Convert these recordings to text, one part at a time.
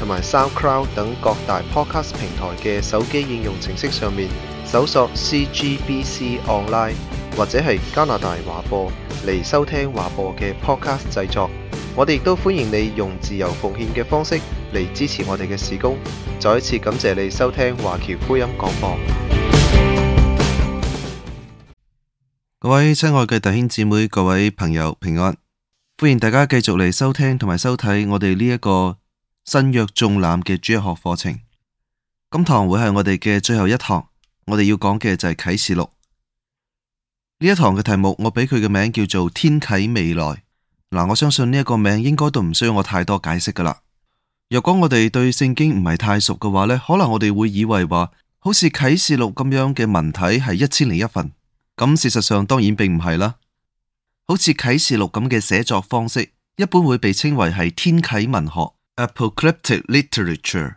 同埋 SoundCloud 等各大 Podcast 平台嘅手機應用程式上面搜索 CGBC Online 或者係加拿大華播嚟收聽華播嘅 Podcast 製作，我哋亦都歡迎你用自由奉獻嘅方式嚟支持我哋嘅事工。再一次感謝你收聽華僑福音廣播，各位親愛嘅弟兄姊妹、各位朋友平安，歡迎大家繼續嚟收聽同埋收睇我哋呢一個新約綜覽嘅主日學課程，今堂會係我哋嘅最後一堂。我哋要講嘅就係啟示錄。呢一堂嘅題目，我俾佢嘅名叫做《天啟未來》。嗱，我相信呢一個名應該都唔需要我太多解釋噶啦。若果我哋對聖經唔係太熟嘅話呢，可能我哋會以為話好似啟示錄咁樣嘅文體係一千零一份。咁事實上當然並唔係啦。好似啟示錄咁嘅寫作方式，一般會被稱為係天啟文學。Apocalyptic literature，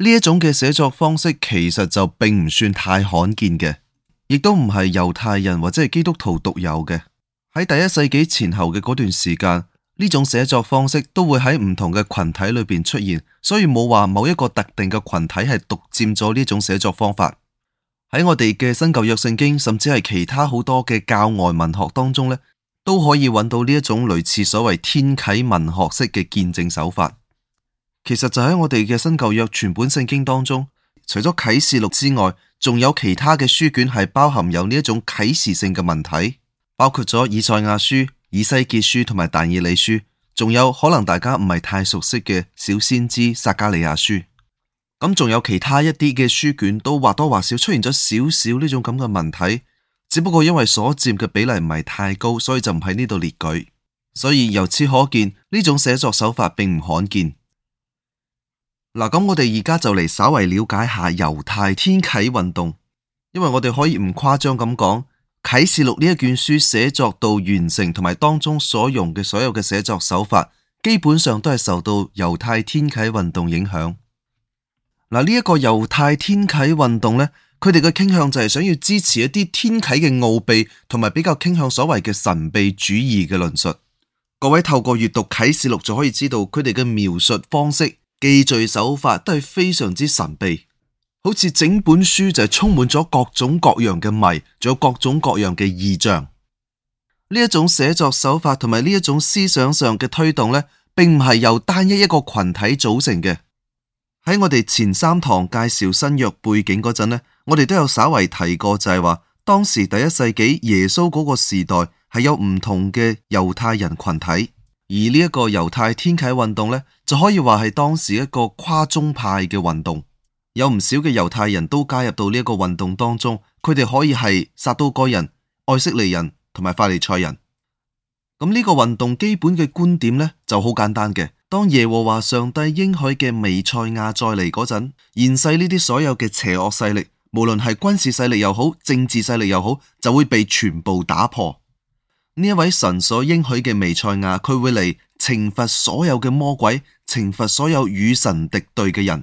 呢一種嘅寫作方式其實就並唔算太罕見嘅，亦都唔係猶太人或者係基督徒獨有嘅。喺第一世紀前後嘅嗰段時間，呢種寫作方式都會喺唔同嘅群體裏邊出現，所以冇話某一個特定嘅群體係獨佔咗呢種寫作方法。喺我哋嘅新舊約聖經，甚至係其他好多嘅教外文學當中咧，都可以揾到呢一種類似所謂天啟文學式嘅見證手法。其實就喺我哋嘅新舊約全本聖經當中，除咗啟示錄之外，仲有其他嘅書卷係包含有呢一種啟示性嘅文體，包括咗以賽亞書、以西結書同埋但以理書，仲有可能大家唔係太熟悉嘅小先知撒迦利亞書，咁仲有其他一啲嘅書卷都或多或少出現咗少少呢種咁嘅文體，只不過因為所占嘅比例唔係太高，所以就唔喺呢度列舉。所以由此可見，呢種寫作手法並唔罕見。嗱，咁我哋而家就嚟稍微了解下猶太天啟運動，因為我哋可以唔誇張咁講，《啟示錄》呢一卷書寫作到完成同埋當中所用嘅所有嘅寫作手法，基本上都係受到猶太天啟運動影響。嗱，呢一個猶太天啟運動咧，佢哋嘅傾向就係想要支持一啲天啟嘅奧秘，同埋比較傾向所謂嘅神秘主義嘅論述。各位透過閱讀《啟示錄》，就可以知道佢哋嘅描述方式。記敘手法都係非常之神秘，好似整本書就係充滿咗各種各樣嘅謎，仲有各種各樣嘅異象。呢一種寫作手法同埋呢一種思想上嘅推動呢，並唔係由單一一個群體組成嘅。喺我哋前三堂介紹新約背景嗰陣呢，我哋都有稍微提過就是說，就係話當時第一世紀耶穌嗰個時代係有唔同嘅猶太人群體，而呢一個猶太天啟運動呢，就可以話係當時一個跨宗派嘅運動，有唔少嘅猶太人都加入到呢一個運動當中，佢哋可以係撒都該人、愛色尼人同埋法利賽人。咁、嗯、呢、這個運動基本嘅觀點呢就好簡單嘅，當耶和華上帝應許嘅彌賽亞再嚟嗰陣，現世呢啲所有嘅邪惡勢力，無論係軍事勢力又好、政治勢力又好，就會被全部打破。呢一位神所應許嘅彌賽亞，佢會嚟。懲罰所有嘅魔鬼，懲罰所有與神敵對嘅人，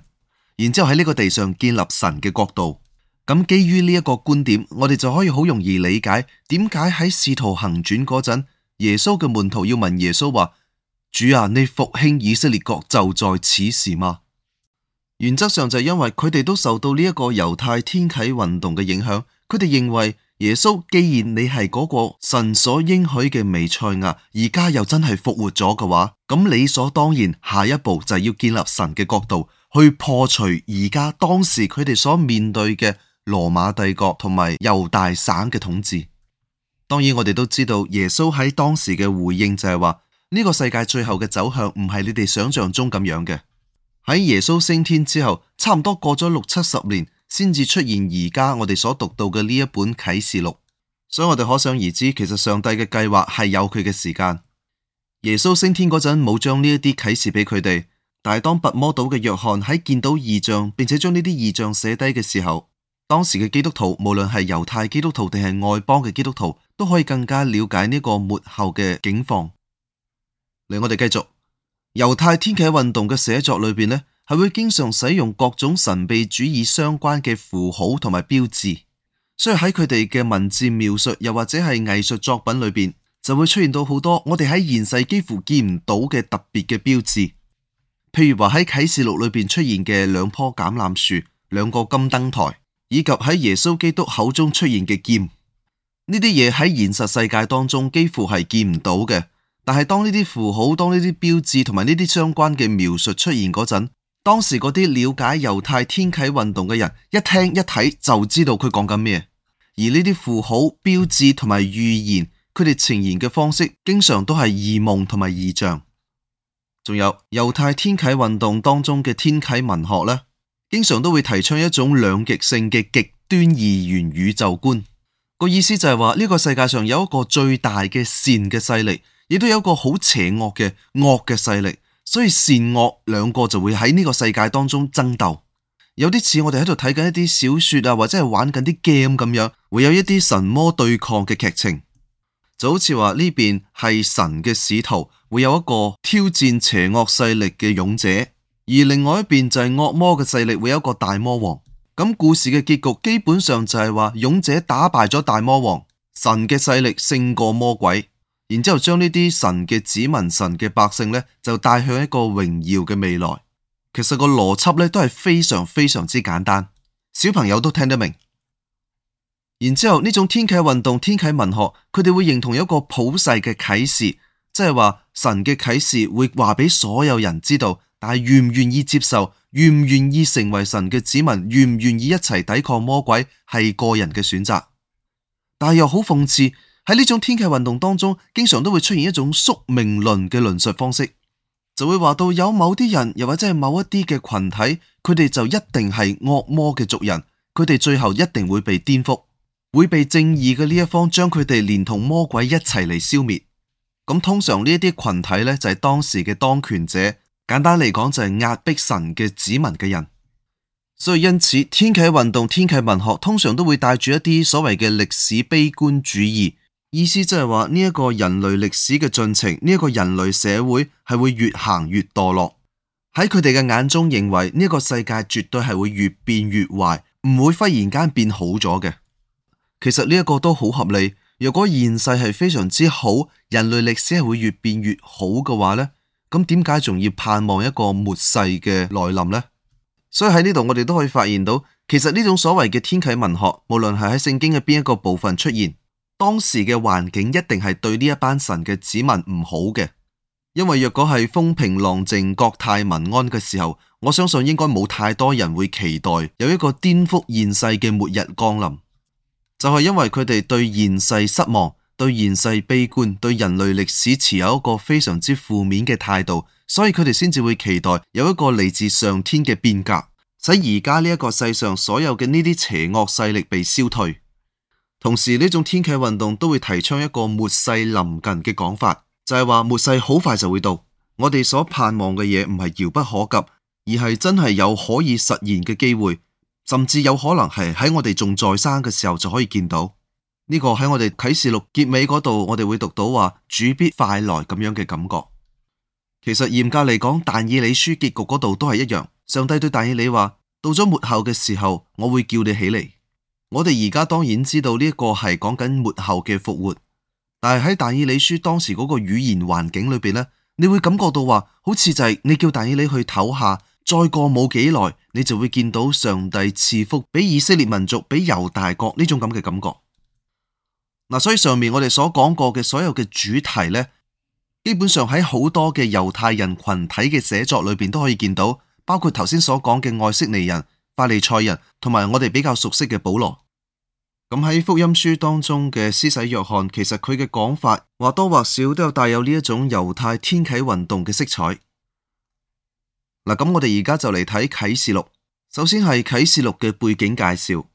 然之後喺呢個地上建立神嘅國度。咁基於呢一個觀點，我哋就可以好容易理解點解喺使徒行傳嗰陣，耶穌嘅門徒要問耶穌話：主啊，你復興以色列國就在此時嗎？原則上就係因為佢哋都受到呢一個猶太天啟運動嘅影響，佢哋認為耶穌既然你係嗰個神所應許嘅彌賽亞，而家又真係復活咗嘅話，咁理所當然，下一步就要建立神嘅國度，去破除而家當時佢哋所面對嘅羅馬帝國同埋猶大省嘅統治。當然，我哋都知道耶穌喺當時嘅回應就係話，呢、這個世界最後嘅走向唔係你哋想象中咁樣嘅。喺耶穌升天之後，差唔多過咗六七十年，先至出現而家我哋所讀到嘅呢一本啟示錄。所以我哋可想而知，其實上帝嘅計劃係有佢嘅時間。耶穌升天嗰陣冇將呢一啲啟示俾佢哋，但係當拔摩島嘅約翰喺見到異象，並且將呢啲異象寫低嘅時候，當時嘅基督徒，無論係猶太基督徒定係外邦嘅基督徒，都可以更加了解呢個末後嘅境況。嚟，我哋繼續。猶太天啟運動嘅寫作裏邊呢，係會經常使用各種神秘主義相關嘅符號同埋標誌，所以喺佢哋嘅文字描述又或者係藝術作品裏邊，就會出現到好多我哋喺現世幾乎見唔到嘅特別嘅標誌，譬如話喺啟示錄裏邊出現嘅兩棵橄欖樹、兩個金燈台，以及喺耶穌基督口中出現嘅劍，呢啲嘢喺現實世界當中幾乎係見唔到嘅。但係，當呢啲符號、當呢啲標誌同埋呢啲相關嘅描述出現嗰陣，當時嗰啲了解猶太天啟運動嘅人一聽一睇就知道佢講緊咩。而呢啲符號、標誌同埋預言，佢哋呈現嘅方式經常都係異夢同埋異象。仲有，猶太天啟運動當中嘅天啟文學呢，經常都會提倡一種兩極性嘅極端二元宇宙觀，個意思就係話呢個世界上有一個最大嘅善嘅勢力，亦都有個好邪惡嘅惡嘅勢力，所以善惡兩個就會喺呢個世界當中爭鬥，有啲似我哋喺度睇緊一啲小說啊，或者係玩緊啲 game 咁樣，會有一啲神魔對抗嘅劇情，就好似話呢邊係神嘅使徒，會有一個挑戰邪惡勢力嘅勇者，而另外一邊就係惡魔嘅勢力，會有一個大魔王。咁故事嘅結局基本上就係話勇者打敗咗大魔王，神嘅勢力勝過魔鬼。然之後將呢啲神嘅子民、神嘅百姓呢，就帶向一個榮耀嘅未來。其實個邏輯呢，都係非常非常之簡單，小朋友都聽得明。然之後呢種天啟運動、天啟文學，佢哋會認同一個普世嘅啟示，即係話神嘅啟示會話俾所有人知道，但係願唔願意接受，願唔願意成為神嘅子民，願唔願意一齊抵抗魔鬼，係個人嘅選擇。但係又好諷刺。喺呢種天啟運動當中，經常都會出現一種宿命論嘅論述方式，就會話到有某啲人，又或者係某一啲嘅群體，佢哋就一定係惡魔嘅族人，佢哋最後一定會被顛覆，會被正義嘅呢一方將佢哋連同魔鬼一齊嚟消滅。咁通常呢一啲群體呢，就係當時嘅當權者，簡單嚟講就係壓迫神嘅子民嘅人。所以因此，天啟運動、天啟文學通常都會帶住一啲所謂嘅歷史悲觀主義。意思即係話呢一個人類歷史嘅進程，呢一個人類社會係會越行越墮落。喺佢哋嘅眼中認為呢個世界絕對係會越變越壞，唔會忽然間變好咗嘅。其實呢一個都好合理。如果現世係非常之好，人類歷史係會越變越好嘅話呢，咁點解仲要盼望一個末世嘅來臨呢？所以喺呢度我哋都可以發現到，其實呢種所謂嘅天啟文學，無論係喺聖經嘅邊一個部分出現。當時嘅環境一定係對呢一班神嘅子民唔好嘅，因為若果係風平浪靜、國泰民安嘅時候，我相信應該冇太多人會期待有一個顛覆現世嘅末日降臨。就係、是、因為佢哋對現世失望、對現世悲觀、對人類歷史持有一個非常之負面嘅態度，所以佢哋先至會期待有一個嚟自上天嘅變革，使而家呢一個世上所有嘅呢啲邪惡勢力被消退。同時呢種天啟運動都會提倡一個末世臨近嘅講法，就係話末世好快就會到，我哋所盼望嘅嘢唔係遙不可及，而係真係有可以實現嘅機會，甚至有可能係喺我哋仲在生嘅時候就可以見到。呢個喺我哋啟示錄結尾嗰度，我哋會讀到話主必快來咁樣嘅感覺。其實嚴格嚟講，但以理書結局嗰度都係一樣，上帝對但以理話，到咗末後嘅時候，我會叫你起嚟。我哋而家當然知道呢一個係講緊末後嘅復活，但係喺但以理書當時嗰個語言環境裏邊呢，你會感覺到話，好似就係你叫但以理去唞下，再過冇幾耐，你就會見到上帝賜福俾以色列民族，俾猶大國呢種咁嘅感覺。嗱，所以上面我哋所講過嘅所有嘅主題呢，基本上喺好多嘅猶太人群體嘅寫作裏邊都可以見到，包括頭先所講嘅愛色尼人。法利賽人同埋我哋比較熟悉嘅保羅，咁喺福音書當中嘅施洗約翰，其實佢嘅講法或多或少都有帶有呢一種猶太天啟運動嘅色彩。嗱，咁我哋而家就嚟睇啟示錄，首先係啟示錄嘅背景介紹。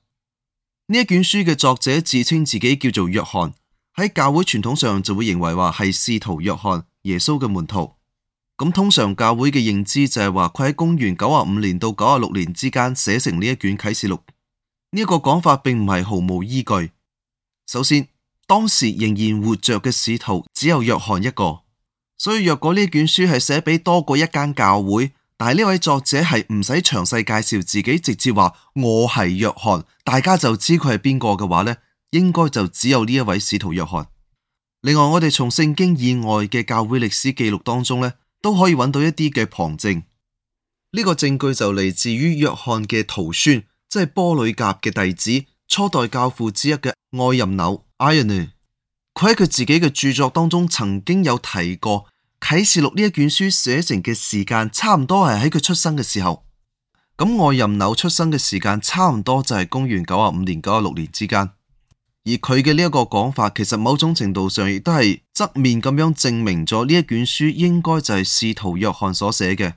呢一卷書嘅作者自稱自己叫做約翰，喺教會傳統上就會認為話係使徒約翰，耶穌嘅門徒。咁通常教會嘅認知就係話佢喺公元九十五年到九十六年之間寫成呢一卷啟示錄呢一個講法並唔係毫無依據。首先，當時仍然活着嘅使徒只有約翰一個，所以若果呢卷書係寫俾多過一間教會，但係呢位作者係唔使詳細介紹自己，直接話我係約翰，大家就知佢係邊個嘅話呢，應該就只有呢一位使徒約翰。另外，我哋從聖經以外嘅教會歷史記錄當中呢。都可以揾到一啲嘅旁證，呢、這個證據就嚟自於約翰嘅徒孫，即係波里甲嘅弟子，初代教父之一嘅愛任紐 Irenaeus，佢喺佢自己嘅著作當中曾經有提過《啟示錄》呢一卷書寫成嘅時間差唔多係喺佢出生嘅時候。咁愛任紐出生嘅時間差唔多就係公元九十五年、九十六年之間。而佢嘅呢一個講法，其實某種程度上亦都係側面咁樣證明咗呢一卷書應該就係使徒約翰所寫嘅。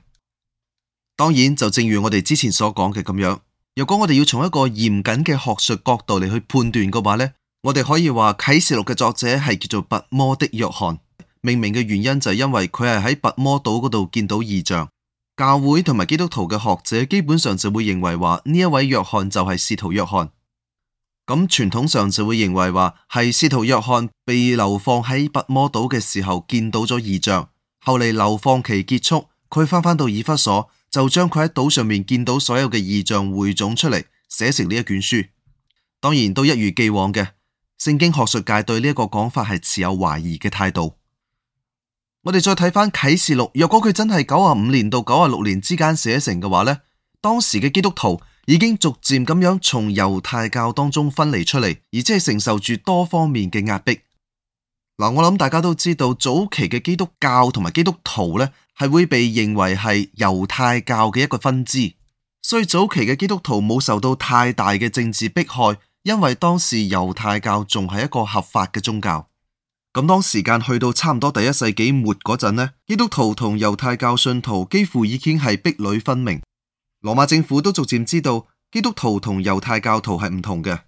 當然，就正如我哋之前所講嘅咁樣，如果我哋要從一個嚴謹嘅學術角度嚟去判斷嘅話呢，我哋可以話啟示錄嘅作者係叫做拔摩的約翰，命名嘅原因就係因為佢係喺拔摩島嗰度見到異象。教會同埋基督徒嘅學者基本上就會認為話呢一位約翰就係使徒約翰。咁傳統上就會認為話係使徒約翰被流放喺拔摩島嘅時候見到咗異象，後嚟流放期結束，佢翻返到以弗所，就將佢喺島上面見到所有嘅異象匯總出嚟寫成呢一卷書。當然都一如既往嘅，聖經學術界對呢一個講法係持有懷疑嘅態度。我哋再睇翻啟示錄，若果佢真係九啊五年到九啊六年之間寫成嘅話呢，當時嘅基督徒已經逐漸咁樣從猶太教當中分離出嚟，而且承受住多方面嘅壓迫。嗱，我諗大家都知道，早期嘅基督教同埋基督徒呢係會被認為係猶太教嘅一個分支，所以早期嘅基督徒冇受到太大嘅政治迫害，因為當時猶太教仲係一個合法嘅宗教。咁當時間去到差唔多第一世紀末嗰陣呢，基督徒同猶太教信徒幾乎已經係壁壘分明。羅馬政府都逐漸知道基督徒同猶太教徒係唔同嘅，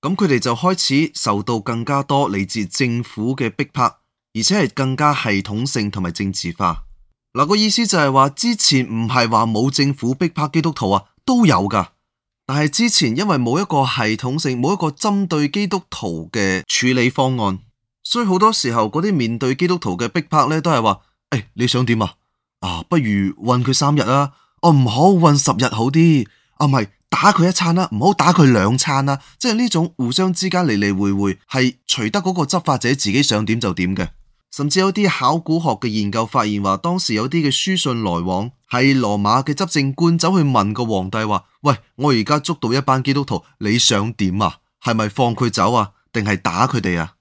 咁佢哋就開始受到更加多嚟自政府嘅逼迫，而且係更加系統性同埋政治化。嗱，個意思就係話，之前唔係話冇政府逼迫基督徒啊，都有噶，但係之前因為冇一個系統性，冇一個針對基督徒嘅處理方案，所以好多時候嗰啲面對基督徒嘅逼迫呢，都係話，誒、哎、你想點啊？啊，不如困佢三日啦。哦，唔好混十日好啲，啊唔係打佢一餐啦，唔好打佢兩餐啦，即係呢種互相之間嚟嚟回回，係隨得嗰個執法者自己想點就點嘅。甚至有啲考古學嘅研究發現話，當時有啲嘅書信來往係羅馬嘅執政官走去問個皇帝話：「喂，我而家捉到一班基督徒，你想點啊？係咪放佢走啊？定係打佢哋啊？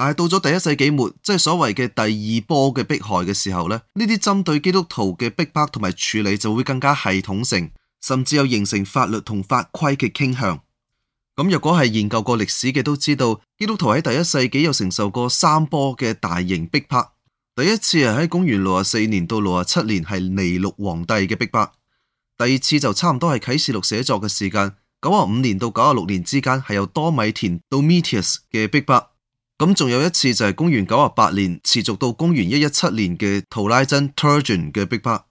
但係到咗第一世紀末，即係所謂嘅第二波嘅迫害嘅時候咧，呢啲針對基督徒嘅迫迫同埋處理就會更加系統性，甚至有形成法律同法規嘅傾向。咁若果係研究過歷史嘅都知道，基督徒喺第一世紀有承受過三波嘅大型迫，迫迫。第一次係，喺公元六十四年到六十七年係尼祿皇帝嘅迫迫。第二次就差唔多係啟示錄寫作嘅時間，九十五年到九十六年之間係有多米田 Domitian 嘅迫迫。咁仲有一次就係公元九十八年持續到公元一一七年嘅圖拉真 Turgeon 嘅迫迫。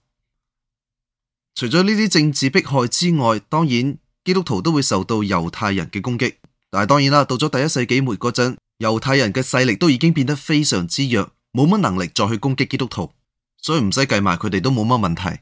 除咗呢啲政治迫害之外，當然基督徒都會受到猶太人嘅攻擊。但係當然啦，到咗第一世紀末嗰陣，猶太人嘅勢力都已經變得非常之弱，冇乜能力再去攻擊基督徒，所以唔使計埋佢哋都冇乜問題。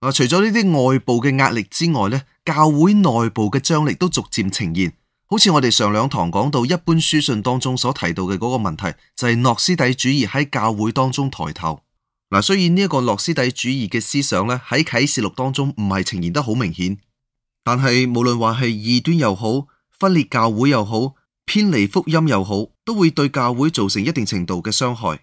除咗呢啲外部嘅壓力之外呢，教會內部嘅張力都逐漸呈現。好似我哋上兩堂講到，一般書信當中所提到嘅嗰個問題，就係諾斯底主義喺教會當中抬頭。嗱，雖然呢一個諾斯底主義嘅思想咧喺啟示錄當中唔係呈現得好明顯，但係無論話係異端又好，分裂教會又好，偏離福音又好，都會對教會造成一定程度嘅傷害。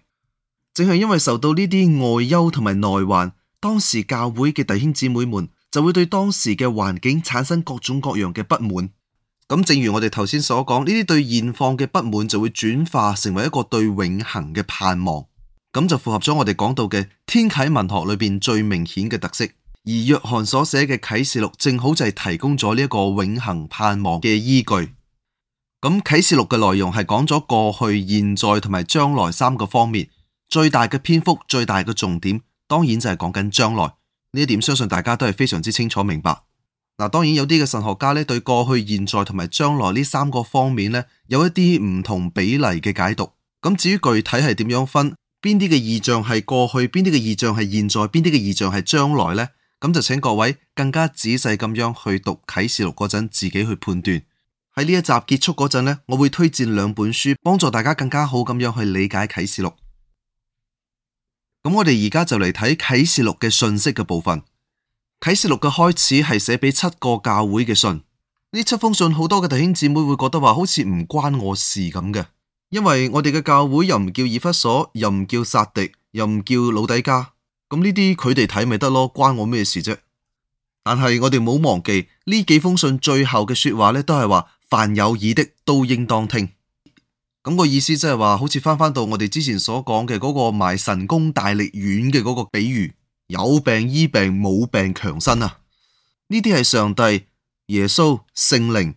正係因為受到呢啲外憂同埋內患，當時教會嘅弟兄姊妹們就會對當時嘅環境產生各種各樣嘅不滿。咁正如我哋頭先所講，呢啲對現況嘅不滿就會轉化成為一個對永恆嘅盼望，咁就符合咗我哋講到嘅天啟文學裏邊最明顯嘅特色。而約翰所寫嘅啟示錄，正好就係提供咗呢一個永恆盼望嘅依據。咁啟示錄嘅內容係講咗過去、現在同埋將來三個方面，最大嘅篇幅、最大嘅重點，當然就係講緊將來。呢一點相信大家都係非常之清楚明白。嗱，當然有啲嘅神學家咧，對過去、現在同埋將來呢三個方面咧，有一啲唔同比例嘅解讀。咁至於具體係點樣分，邊啲嘅異象係過去，邊啲嘅異象係現在，邊啲嘅異象係將來呢？咁就請各位更加仔細咁樣去讀啟示錄嗰陣，自己去判斷。喺呢一集結束嗰陣，呢我會推薦兩本書，幫助大家更加好咁樣去理解啟示錄。咁我哋而家就嚟睇啟示錄嘅信息嘅部分。啟示錄嘅開始係寫俾七個教會嘅信，呢七封信好多嘅弟兄姊妹會覺得話好似唔關我事咁嘅，因為我哋嘅教會又唔叫以弗所，又唔叫撒迪，又唔叫老底家。咁呢啲佢哋睇咪得咯，關我咩事啫？但係我哋冇忘記呢幾封信最後嘅說話呢都係話凡有耳的都應當聽，咁個意思即係話好似翻翻到我哋之前所講嘅嗰個賣神功大力丸嘅嗰個比喻。有病醫病，冇病強身啊！呢啲係上帝、耶穌、聖靈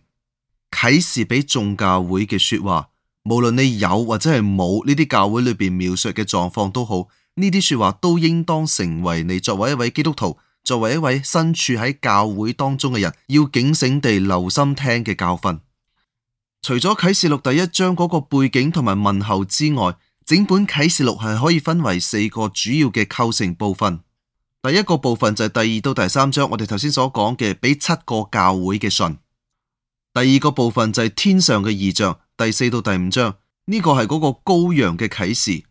啟示俾眾教會嘅說話。無論你有或者係冇呢啲教會裏邊描述嘅狀況都好，呢啲說話都應當成為你作為一位基督徒、作為一位身處喺教會當中嘅人，要警醒地留心聽嘅教訓。除咗啟示錄第一章嗰個背景同埋問候之外，整本啟示錄係可以分為四個主要嘅構成部分。第一個部分就係第二到第三章，我哋頭先所講嘅俾七個教會嘅信。第二個部分就係天上嘅異象，第四到第五章，呢個係嗰個羔羊嘅啟示。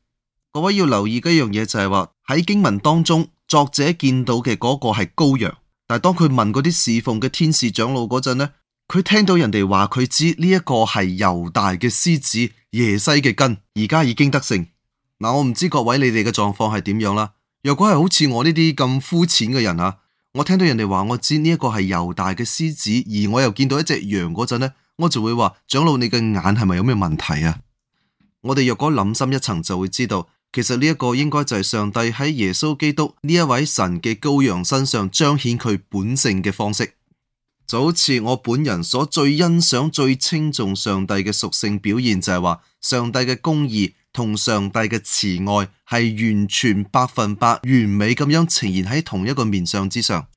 各位要留意嘅一樣嘢，就係話喺經文當中作者見到嘅嗰個係羔羊，但係當佢問嗰啲侍奉嘅天使長老嗰陣呢，佢聽到人哋話佢知呢一個係猶大嘅獅子、耶西嘅根，而家已經得勝。嗱，我唔知各位你哋嘅狀況係點樣啦。若果係好似我呢啲咁膚淺嘅人啊，我聽到人哋話我知呢一個係猶大嘅獅子，而我又見到一隻羊嗰陣呢，我就會話長老，你嘅眼係咪有咩問題啊？我哋若果諗深一層，就會知道其實呢一個應該就係上帝喺耶穌基督呢一位神嘅羔羊身上彰顯佢本性嘅方式，就好似我本人所最欣賞、最輕重上帝嘅屬性表現就係話。上帝嘅公義同上帝嘅慈愛係完全百分百完美咁樣呈現喺同一個面相之上，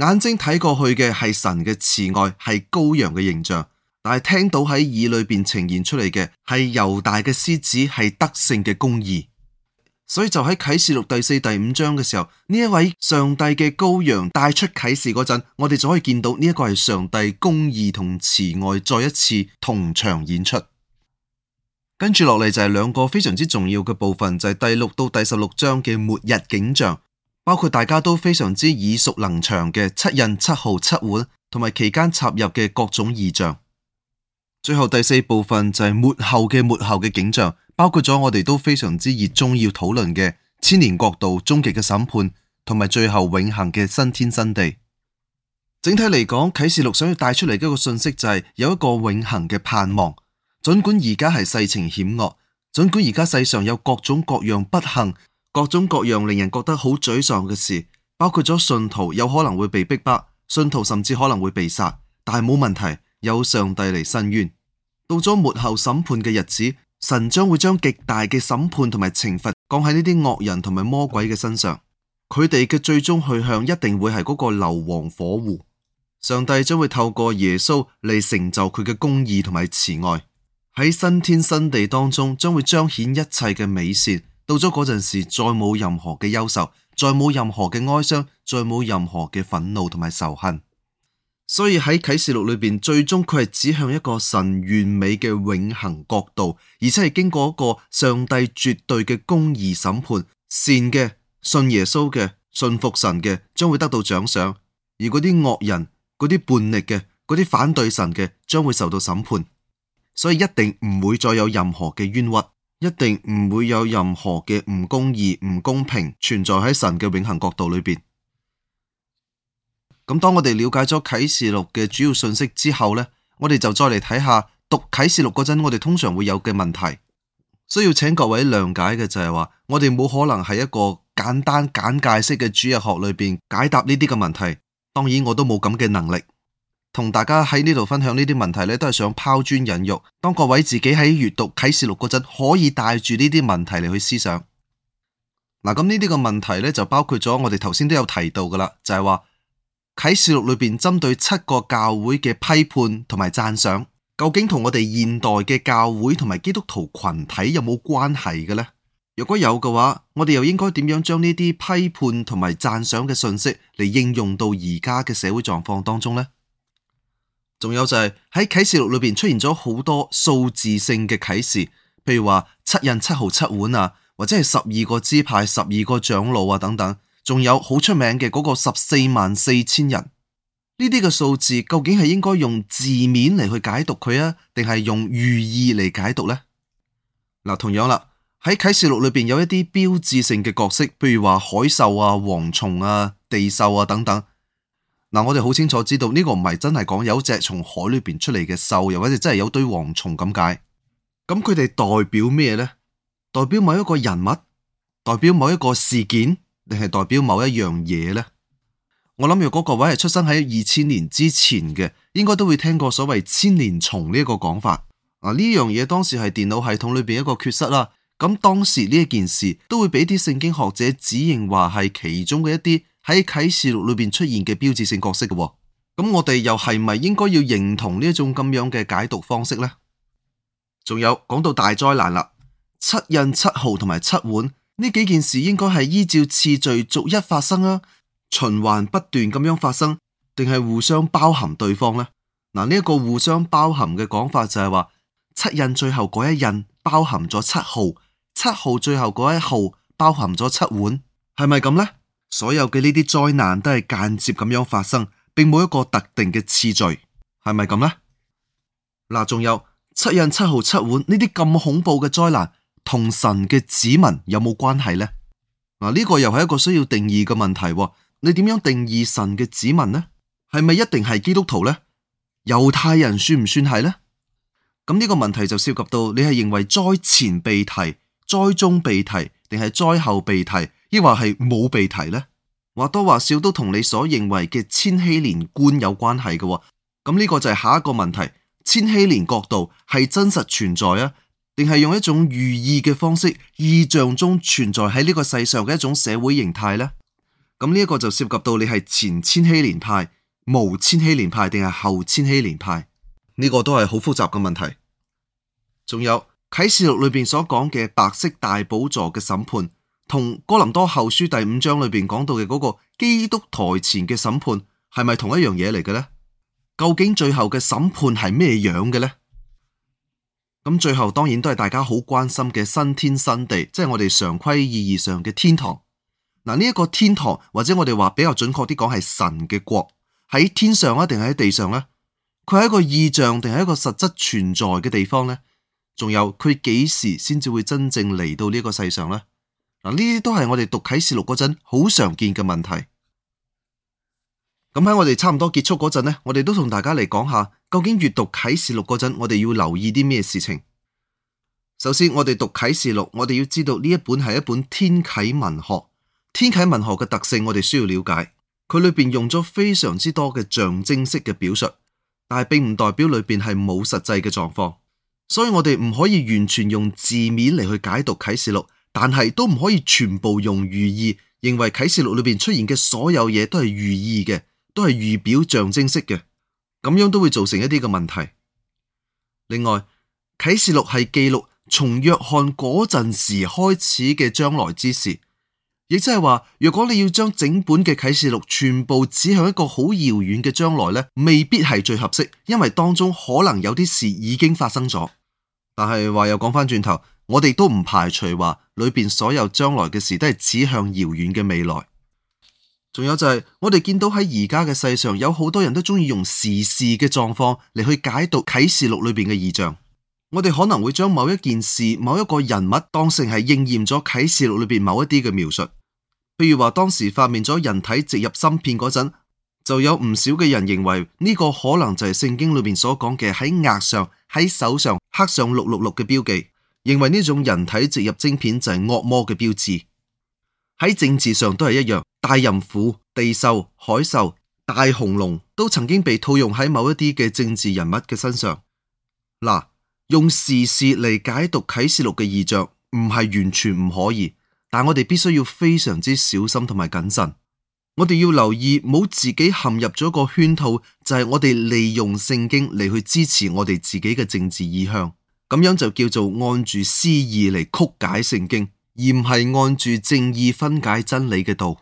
眼睛睇過去嘅係神嘅慈愛，係羔羊嘅形象；但係聽到喺耳裏邊呈現出嚟嘅，係猶大嘅獅子，係得勝嘅公義。所以就喺啟示錄第四、第五章嘅時候，呢一位上帝嘅羔羊帶出啟示嗰陣，我哋就可以見到呢一個係上帝公義同慈愛再一次同場演出。跟住落嚟就係兩個非常之重要嘅部分，就係第六到第十六章嘅末日景象，包括大家都非常之耳熟能詳嘅七印、七號、七碗，同埋期間插入嘅各種異象。最後第四部分就係末後嘅末後嘅景象，包括咗我哋都非常之熱衷要討論嘅千年國度、終極嘅審判，同埋最後永恒嘅新天新地。整體嚟講，《啟示錄》想要帶出嚟嘅一個信息就係有一個永恒嘅盼望。儘管而家係世情險惡，儘管而家世上有各種各樣不幸、各種各樣令人覺得好沮喪嘅事，包括咗信徒有可能會被逼迫，信徒甚至可能會被殺，但係冇問題，有上帝嚟伸冤到咗末後審判嘅日子，神將會將極大嘅審判同埋懲罰降喺呢啲惡人同埋魔鬼嘅身上，佢哋嘅最終去向一定會係嗰個硫磺火湖。上帝將會透過耶穌嚟成就佢嘅公義同埋慈愛。喺新天新地當中，將會彰顯一切嘅美善。到咗嗰陣時，再冇任何嘅憂愁，再冇任何嘅哀傷，再冇任何嘅憤怒同埋仇恨。所以喺啟示錄裏邊，最終佢係指向一個神完美嘅永恆國度，而且係經過一個上帝絕對嘅公義審判。善嘅、信耶穌嘅、信服神嘅，將會得到獎賞；而嗰啲惡人、嗰啲叛逆嘅、嗰啲反對神嘅，將會受到審判。所以一定唔會再有任何嘅冤屈，一定唔會有任何嘅唔公義、唔公平存在喺神嘅永恒國度裏邊。咁當我哋了解咗啟示錄嘅主要信息之後呢，我哋就再嚟睇下讀啟示錄嗰陣，我哋通常會有嘅問題。需要請各位諒解嘅就係話，我哋冇可能喺一個簡單簡介式嘅主日學裏邊解答呢啲嘅問題。當然我都冇咁嘅能力。同大家喺呢度分享呢啲問題咧，都係想拋磚引玉。當各位自己喺閱讀啟示錄嗰陣，可以帶住呢啲問題嚟去思想嗱。咁呢啲個問題咧，就包括咗我哋頭先都有提到噶啦，就係話啟示錄裏邊針對七個教會嘅批判同埋讚賞，究竟同我哋現代嘅教會同埋基督徒群體有冇關係嘅咧？如果有嘅話，我哋又應該點樣將呢啲批判同埋讚賞嘅信息嚟應用到而家嘅社會狀況當中咧？仲有就係喺啟示錄裏邊出現咗好多數字性嘅啟示，譬如話七印、七號、七碗啊，或者係十二個支派、十二個長老啊等等。仲有好出名嘅嗰個十四萬四千人，呢啲嘅數字究竟係應該用字面嚟去解讀佢啊，定係用寓意嚟解讀呢？嗱，同樣啦，喺啟示錄裏邊有一啲標誌性嘅角色，譬如話海獸啊、蝗蟲啊、地獸啊等等。嗱、嗯，我哋好清楚知道呢個唔係真係講有隻從海裏邊出嚟嘅獸，又或者真係有堆蝗蟲咁解。咁佢哋代表咩呢？代表某一個人物，代表某一個事件，定係代表某一樣嘢呢？我諗若果各位係出生喺二千年之前嘅，應該都會聽過所謂千年蟲呢一個講法。嗱、嗯，呢樣嘢當時係電腦系統裏邊一個缺失啦。咁、嗯、當時呢一件事都會俾啲聖經學者指認話係其中嘅一啲，喺啟示錄裏邊出現嘅標誌性角色嘅，咁我哋又係咪應該要認同呢種咁樣嘅解讀方式呢？仲有講到大災難啦，七印、七號同埋七碗呢幾件事，應該係依照次序逐一發生啊，循環不斷咁樣發生，定係互相包含對方呢？嗱，呢一個互相包含嘅講法就係話，七印最後嗰一印包含咗七號，七號最後嗰一號包含咗七碗，係咪咁呢？所有嘅呢啲災難都係間接咁樣發生，並冇一個特定嘅次序，係咪咁呢？嗱，仲有七印、七號、七碗呢啲咁恐怖嘅災難，同神嘅子民有冇關係呢？嗱、啊，呢、這個又係一個需要定義嘅問題。你點樣定義神嘅子民呢？係咪一定係基督徒呢？猶太人算唔算係呢？咁呢個問題就涉及到你係認為災前被提、災中被提，定係災後被提？抑或係冇被提呢？或多或少都同你所認為嘅千禧年觀有關係嘅。咁呢個就係下一個問題：千禧年國度係真實存在啊，定係用一種寓意嘅方式，意象中存在喺呢個世上嘅一種社會形態呢？咁呢一個就涉及到你係前千禧年派、無千禧年派，定係後千禧年派？呢、這個都係好複雜嘅問題。仲有啟示錄裏邊所講嘅白色大寶座嘅審判。同哥林多後書第五章裏邊講到嘅嗰個基督台前嘅審判係咪同一樣嘢嚟嘅呢？究竟最後嘅審判係咩樣嘅呢？咁最後當然都係大家好關心嘅新天新地，即係我哋常規意義上嘅天堂嗱。呢一個天堂或者我哋話比較準確啲講係神嘅國喺天上啊，定係喺地上呢？佢係一個意象定係一個實質存在嘅地方呢？仲有佢幾時先至會真正嚟到呢個世上呢？嗱，呢啲都係我哋讀啟示錄嗰陣好常見嘅問題。咁喺我哋差唔多結束嗰陣呢，我哋都同大家嚟講下，究竟閱讀啟示錄嗰陣，我哋要留意啲咩事情？首先，我哋讀啟示錄，我哋要知道呢一本係一本天啟文學。天啟文學嘅特性，我哋需要了解。佢裏邊用咗非常之多嘅象徵式嘅表述，但係並唔代表裏邊係冇實際嘅狀況。所以我哋唔可以完全用字面嚟去解讀啟示錄。但係都唔可以全部用寓意，認為啟示錄裏邊出現嘅所有嘢都係寓意嘅，都係預表象徵式嘅，咁樣都會造成一啲嘅問題。另外，啟示錄係記錄從約翰嗰陣時開始嘅將來之事，亦即係話，若果你要將整本嘅啟示錄全部指向一個好遙遠嘅將來咧，未必係最合適，因為當中可能有啲事已經發生咗。但係話又講翻轉頭，我哋都唔排除話裏邊所有將來嘅事都係指向遙遠嘅未來。仲有就係、是、我哋見到喺而家嘅世上有好多人都中意用時事嘅狀況嚟去解讀啟示錄裏邊嘅異象。我哋可能會將某一件事、某一個人物當成係應驗咗啟示錄裏邊某一啲嘅描述。譬如話當時發明咗人體植入芯片嗰陣。就有唔少嘅人認為呢個可能就係聖經裡面所講嘅喺額上喺手上刻上六六六嘅標記，認為呢種人體植入晶片就係惡魔嘅標誌。喺政治上都係一樣，大淫婦、地獸、海獸、大紅龍都曾經被套用喺某一啲嘅政治人物嘅身上。嗱，用時事嚟解讀啟示錄嘅意象唔係完全唔可以，但我哋必須要非常之小心同埋謹慎。我哋要留意，冇自己陷入咗個圈套，就係、是、我哋利用聖經嚟,去支持我哋自己嘅政治意向，咁樣就叫做按住私意嚟曲解聖經，而唔係按住正義分解真理嘅道。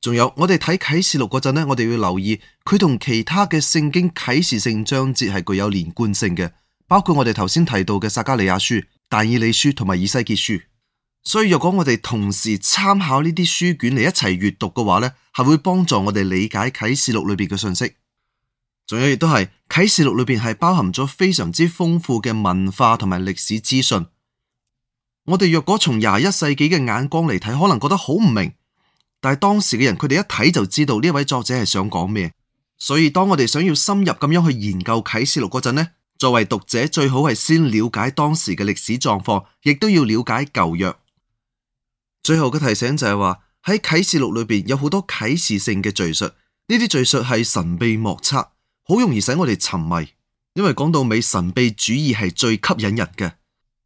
仲有，我哋睇啟示錄嗰陣咧，我哋要留意佢同其他嘅聖經啟示性章節係具有連貫性嘅，包括我哋頭先提到嘅撒加利亞書、但以理書同埋以西結書。所以若果我哋同時參考呢啲書卷嚟，一齊閱讀嘅話呢，係會幫助我哋理解啟示錄裏邊嘅信息。仲有，亦都係啟示錄裏邊係包含咗非常之豐富嘅文化同埋歷史資訊。我哋若果從廿一世紀嘅眼光嚟睇，可能覺得好唔明，但係當時嘅人，佢哋一睇就知道呢位作者係想講咩。所以當我哋想要深入咁樣去研究啟示錄嗰陣呢，作為讀者最好係先了解當時嘅歷史狀況，亦都要了解舊約。最後嘅提醒就係話喺啟示錄裏邊有好多啟示性嘅叙述，呢啲叙述係神秘莫測，好容易使我哋沉迷。因為講到尾神秘主義係最吸引人嘅。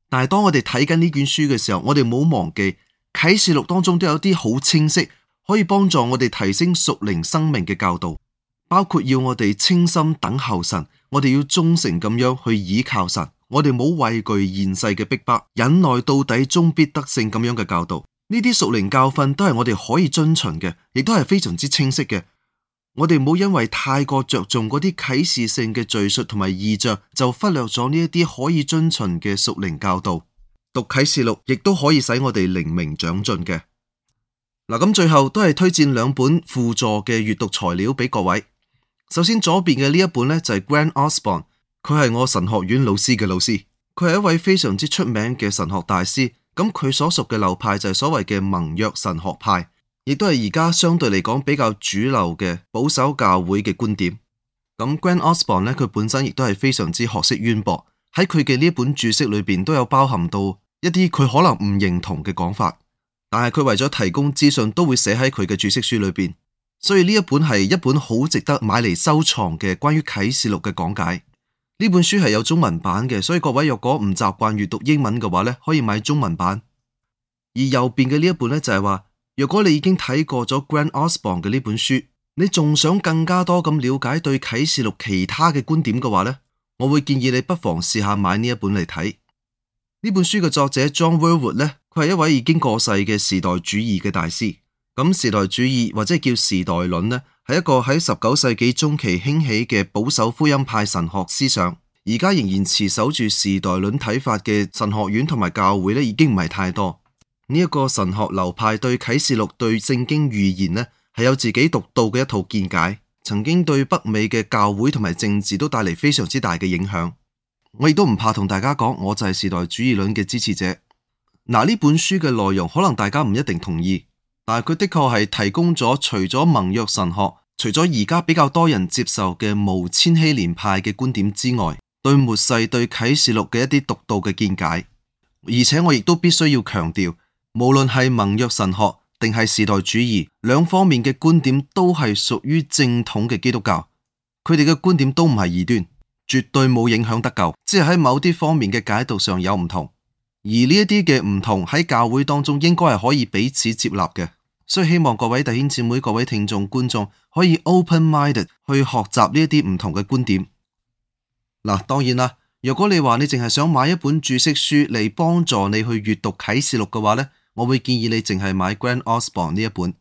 但係當我哋睇緊呢卷書嘅時候，我哋唔好忘記啟示錄當中都有啲好清晰，可以幫助我哋提升屬靈生命嘅教導，包括要我哋清心等候神，我哋要忠誠咁樣去倚靠神，我哋唔好畏懼現世嘅逼迫，忍耐到底終必得勝咁樣嘅教導。呢啲屬靈教訓都係我哋可以遵循嘅，亦都係非常之清晰嘅。我哋唔好因為太過着重嗰啲啟示性嘅敘述同埋異象，就忽略咗呢一啲可以遵循嘅屬靈教導。讀啟示錄亦都可以使我哋靈明長進嘅。嗱，咁最後都係推薦兩本輔助嘅閱讀材料俾各位。首先左邊嘅呢一本呢，就係 Grant Osborne，佢係我神學院老師嘅老師，佢係一位非常之出名嘅神學大師。咁佢所屬嘅流派就係所謂嘅盟約神學派，亦都係而家相對嚟講比較主流嘅保守教會嘅觀點。咁 Grant Osborne 呢，佢本身亦都係非常之學識淵博，喺佢嘅呢本注釋裏邊都有包含到一啲佢可能唔認同嘅講法，但係佢為咗提供資訊都會寫喺佢嘅注釋書裏邊，所以呢一本係一本好值得買嚟收藏嘅關於啟示錄嘅講解。呢本書係有中文版嘅，所以各位若果唔習慣閱讀英文嘅話呢可以買中文版。而右邊嘅呢一本呢、就是，就係話，若果你已經睇過咗 Grant Osborne 嘅呢本書，你仲想更加多咁了解對啟示錄其他嘅觀點嘅話呢我會建議你不妨試下買呢一本嚟睇。呢本書嘅作者 John Walvoord 咧，佢係一位已經過世嘅時代主義嘅大師。咁時代主義或者叫時代論呢。係一個喺十九世紀中期興起嘅保守福音派神學思想，而家仍然持守住時代論睇法嘅神學院同埋教會呢，已經唔係太多。呢一個神學流派對啟示錄、對聖經預言呢，係有自己獨到嘅一套見解。曾經對北美嘅教會同埋政治都帶嚟非常之大嘅影響。我亦都唔怕同大家講，我就係時代主義論嘅支持者。嗱，呢本書嘅內容可能大家唔一定同意。但係佢的確係提供咗除咗盟約神學，除咗而家比較多人接受嘅無千禧年派嘅觀點之外，對末世、對啟示錄嘅一啲獨到嘅見解。而且我亦都必須要強調，無論係盟約神學定係時代主義兩方面嘅觀點，都係屬於正統嘅基督教，佢哋嘅觀點都唔係異端，絕對冇影響得救，只係喺某啲方面嘅解讀上有唔同。而呢一啲嘅唔同喺教會當中，應該係可以彼此接納嘅，所以希望各位弟兄姊妹、各位聽眾觀眾可以 open-minded 去學習呢一啲唔同嘅觀點。嗱，當然啦，如果你話你淨係想買一本注釋書嚟幫助你去閱讀啟示錄嘅話呢，我會建議你淨係買 Grand Osborne 呢一本。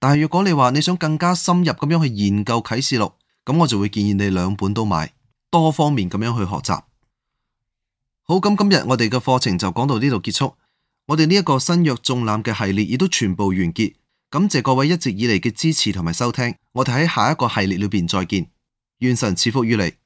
但係如果你話你想更加深入咁樣去研究啟示錄，咁我就會建議你兩本都買，多方面咁樣去學習。好，咁今日我哋嘅課程就講到呢度結束，我哋呢一個新約綜覽嘅系列亦都全部完結，感謝各位一直以嚟嘅支持同埋收聽，我哋喺下一個系列裏邊再見，願神賜福於你。